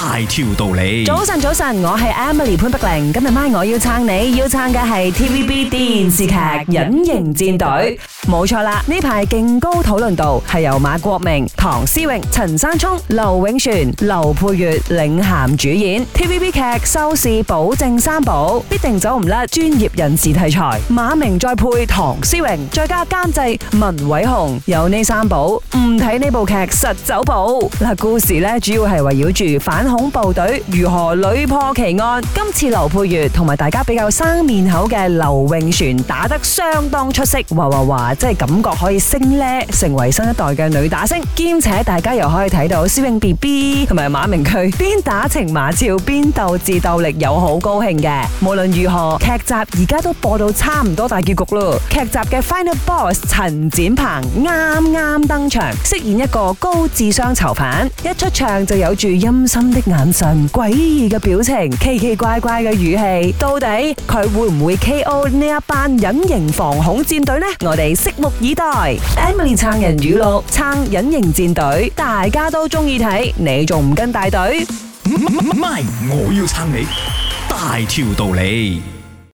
大條道理，早晨早晨，我係 Emily 潘碧玲，今日晚我要撐你，要撐嘅係 TVB 電視劇《隱形戰隊》，冇錯啦，呢排勁高討論度，係由馬國明、唐詩詠、陳山聰、劉永璇、劉佩玥領銜主演，TVB 劇收視保證三寶，必定走唔甩，專業人士題材，馬明再配唐詩詠，再加監製文偉雄，有呢三寶，唔睇呢部劇實走寶。嗱，故事呢主要係圍繞住反恐怖隊如何屢破奇案？今次劉佩玥同埋大家比較生面口嘅劉穎璇打得相當出色，嘩嘩嘩，即係感覺可以升呢，成為新一代嘅女打星。兼且大家又可以睇到舒永 B B 同埋馬明佢邊打情罵俏邊鬥智鬥力，又好高興嘅。無論如何，劇集而家都播到差唔多大結局咯。劇集嘅 Final Boss 陳展鵬啱啱登場，飾演一個高智商囚犯，一出場就有住陰森。的眼神、詭異嘅表情、奇奇怪怪嘅語氣，到底佢會唔會 KO 呢一班隱形防恐戰隊呢？我哋拭目以待。Emily 撐人語錄，撐隱形戰隊，大家都中意睇，你仲唔跟大隊？唔係，我要撐你，大條道理。